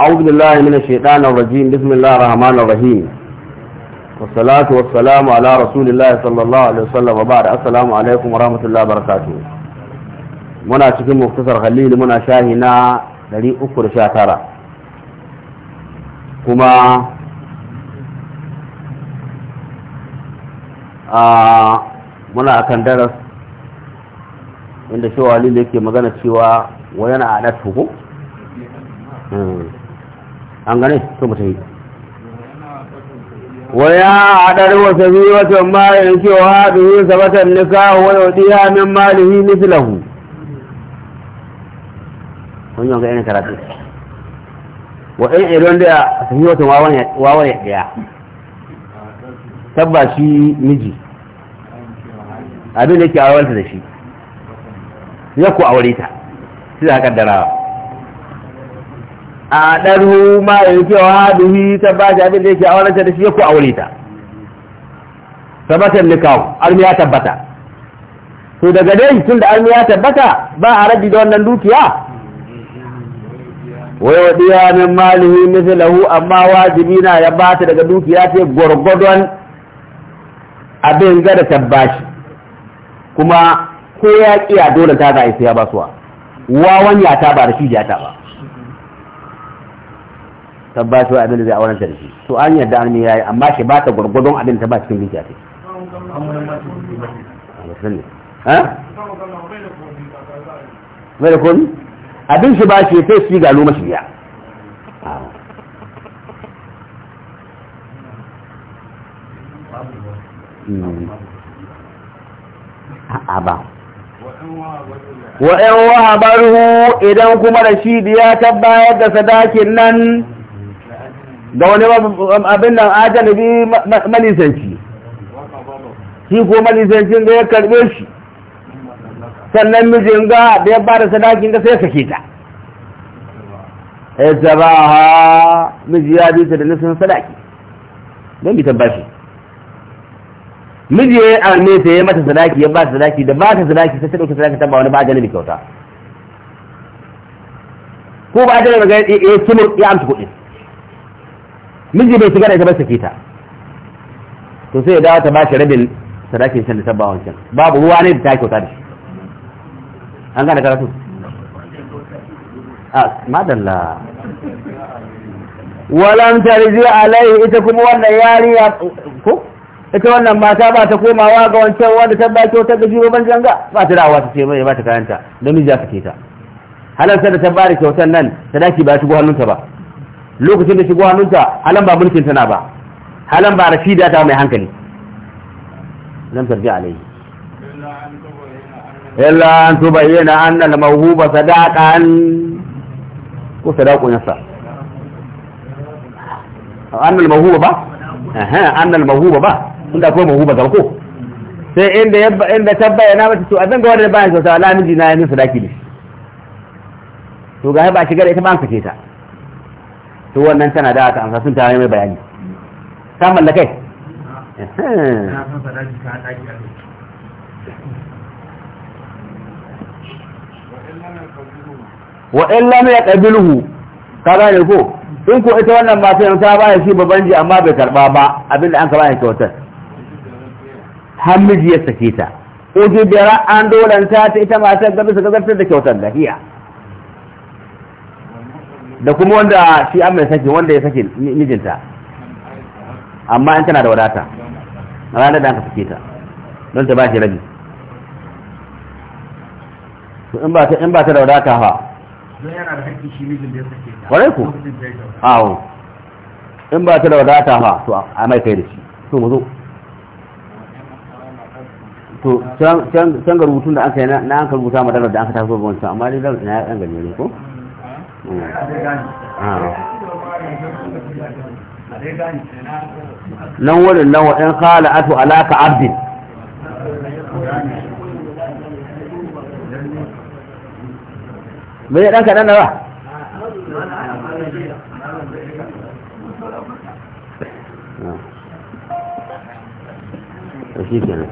أعوذ بالله من الشيطان الرجيم بسم الله الرحمن الرحيم والصلاة والسلام على رسول الله صلى الله عليه وسلم وبعد السلام عليكم ورحمة الله وبركاته منا cikin muktasar Khalil muna shahi na 319 kuma a muna akan daras inda shawali yake magana cewa wayana a datu ko an gane su mutu yi waya a ɗari wasu biyu wasu ma'ayin cewa duhu sabatar nika wani wadi min malihi nufilahu kun yi wani karatu wa in irin da su yi wasu wawan yadda ya tabba shi miji abin da ke awalta da shi ya ku aure ta su da haka darawa a ɗarhu ma ya yi wa haduhi ta ba shi abin da yake aurenta da shi ya ku aure ta ni kawo, armi ya tabbata to daga dai tun da armi ya tabbata ba a rabi da wannan dukiya wai ya min malihi mithlahu amma wajibi na ya bata daga dukiya ce gwargwadon abin ga da tabbashi kuma ko ya kiya dole ta ga isa ya suwa wawan ya ta ba da shi ya ta ba tabbatar abin da zai auren ta da shi to an yarda an yayi amma shi ba ta gurgurdon abin ta ba cikin dukiya ta ha mai abin shi ba shi sai shi galo mashi biya a ba wa'yan wahabarhu idan kuma rashidi ya tabbayar da sadakin nan ga wani abin nan ajanabi malisanci shi ko malisancin da ya karbe shi sannan mijin ga da ya bada sadakin da sai ya sake ta ya ba ha miji ya bi ta da nisan sadaki don bitan bashi miji ya arme ta ya mata sadaki ya ba ta sadaki da ba ta sadaki sai ta ɗauki sadaki ta ba wani ba ajanabi kyauta ko ba a ganin ya kimur ya amsa kuɗi miji bai shiga da ita ba sake ta to sai ya dawo ta bashi rabin sadakin shan da sabba wancan babu ruwa ne da ta kyauta da shi an gane karatu a madalla walam tarzi alai ita kuma wannan yariya ko ita wannan mata ba ta komawa ga wancan wanda ta baki ta gaji ban janga ba ta dawo ta ce mai ba ta kayanta miji ya sake ta sai da ta bari kyautar nan sadaki ba shigo hannunta ba lokacin da shigo hannunta halan ba mulkin tana ba halan ba rashida ta mai hankali lam tarji alaihi illa an tubayyana anna al-mawhuba sadaqan ko sadaqun yasa anna al-mawhuba ba aha anna al-mawhuba ba inda ko mawhuba ga ko sai inda yabba inda tabbayana mata to azan ga wanda bayan sosai la miji na yayin sadaki ne to ga ba shigar ita ba an kace ta to wannan tana da aka amsa sun tare mai bayani ta mallakai wa in lam yaqbiluhu ka gane ko in ko ita wannan ba yanzu ta bayar shi babban ji amma bai karba ba abinda an karba ne kyautar hamiji ya sake ta ko jibira an dolanta ta ita matar ga su gazartar da kyautar lafiya. da kuma wanda shi an mai sakin, wanda ya saki mijinta amma in tana da wadata ranar da aka sake ta don ta ba shi rabi in ba ta in ba da wadata fa kwarai ku awo in ba ta da wadata ha to a mai kai da shi to mu zo to can ga rubutun da ka yi na an ka rubuta madarar da ka taso ga wancan amma dai zan ina yi ɗan ne ko nan wurin nan wa'in khala'atu alaka abdin bai ɗan kaɗan da ba shi kenan